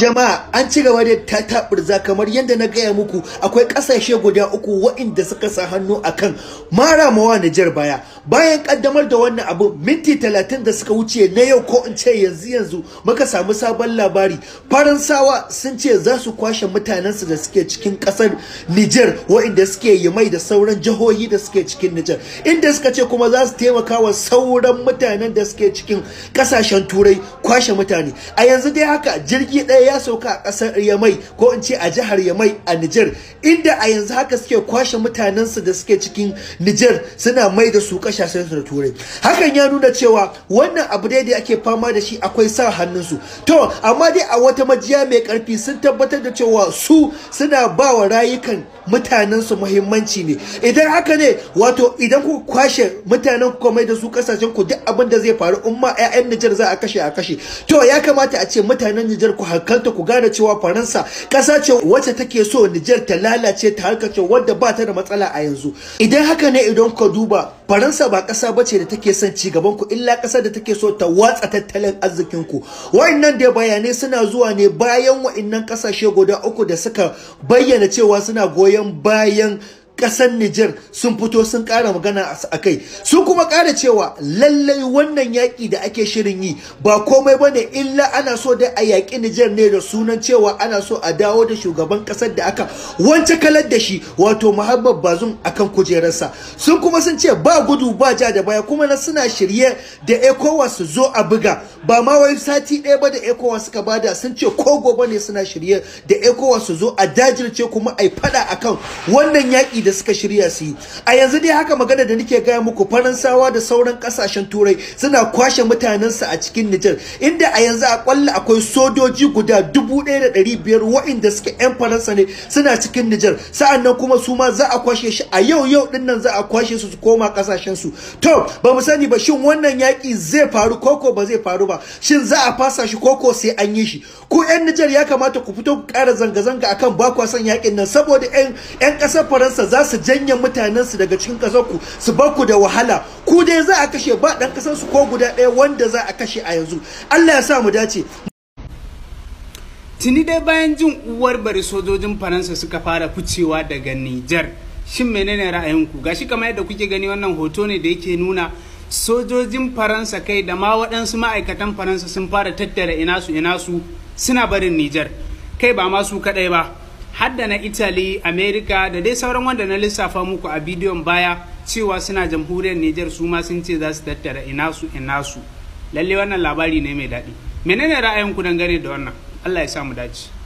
jama'a an ci gaba da tatabirza kamar yadda na gaya muku akwai ƙasashe guda uku waɗanda suka sa hannu akan mara mawa Nijar baya bayan ƙaddamar da wannan abu minti talatin da suka wuce na yau ko in ce yanzu yanzu muka samu sabon labari faransawa sun ce za su kwashe mutanensu da suke cikin ƙasar Nijar waɗanda suke yi mai da sauran jihohi da suke cikin Nijar inda suka ce kuma za su taimaka wa sauran mutanen da suke cikin ƙasashen turai kwashe mutane a yanzu dai haka jirgi ɗaya ya sauka a ƙasar Yamai ko in ce a jihar Yamai a Nijar inda a yanzu haka suke kwashe mutanensu da suke cikin Nijar suna mai da su ƙasashen su da Turai hakan ya nuna cewa wannan abu dai da ake fama da shi akwai sa hannunsu to amma dai a wata majiya mai ƙarfi sun tabbatar da cewa su suna ba wa rayukan mutanensu muhimmanci ne idan haka ne wato idan ku kwashe mutanen ku mai da su ƙasashen ku duk abin da zai faru in ma 'ya'yan Nijar za a kashe a kashe to ya kamata a ce mutanen Nijar ku hakan kamata ku gane cewa Faransa ƙasa ce wacce take so Nijar ta lalace ta harkace wadda ba ta da matsala a yanzu. Idan haka ne idan ka duba Faransa ba ƙasa ba ce da take son ci gaban ku illa ƙasa da take so ta watsa tattalin arzikin ku. Wa'annan da bayanai suna zuwa ne bayan wa'annan ƙasashe guda uku da suka bayyana cewa suna goyon bayan ƙasar Nijar sun fito sun ƙara magana a kai sun kuma ƙara cewa lallai wannan yaƙi da ake shirin yi ba komai ba ne illa ana so da a yaƙi Nijar ne da sunan cewa ana so a dawo da shugaban ƙasar da aka wance kalar da shi wato Muhammad Bazum akan kujerarsa sun kuma sun ce ba gudu ba ja da baya kuma na suna shirye da ECOWAS su zo a buga ba ma wai sati ɗaya ba da ECOWAS suka bada sun ce ko gobe ne suna shirye da ECOWAS su zo a dajirce kuma a yi faɗa akan wannan yaƙi da da suka shirya su yi a yanzu dai haka magana da nake gaya muku faransawa da sauran kasashen turai suna kwashe mutanensu a cikin nijar inda a yanzu a kwalla akwai sojoji guda dubu ɗaya da ɗari biyar waɗanda suke 'yan faransa ne suna cikin nijar sa'annan kuma su ma za a kwashe shi a yau yau ɗin nan za a kwashe su su koma kasashen su to ba mu sani ba shin wannan yaƙi zai faru koko ba zai faru ba shin za a fasa shi koko sai an yi shi ko 'yan nijar ya kamata ku fito ku ƙara zanga-zanga akan ba yakin yaƙin nan saboda 'yan ƙasar faransa za za su janye mutanensu daga cikin ƙasarku su ku da wahala ku dai za a kashe ba ɗan ƙasarsu ko guda ɗaya wanda za a kashe a yanzu Allah ya sa mu dace tuni dai bayan jin uwar bari sojojin faransa suka fara ficewa daga niger shin menene ra'ayinku gashi kamar yadda kuke gani wannan hoto ne da yake nuna sojojin faransa kai da ma waɗansu ma'aikatan faransa sun fara tattara ina su ina su suna barin ni'jar kai ba ma su kaɗai ba hadda na italy america da dai sauran wanda na lissafa muku a bidiyon baya cewa suna jamhuriyar niger su ma sun ce za su tattara ina su ina su lalle wannan labari ne mai daɗi menene ra'ayinku dangane da wannan allah ya sa mu dace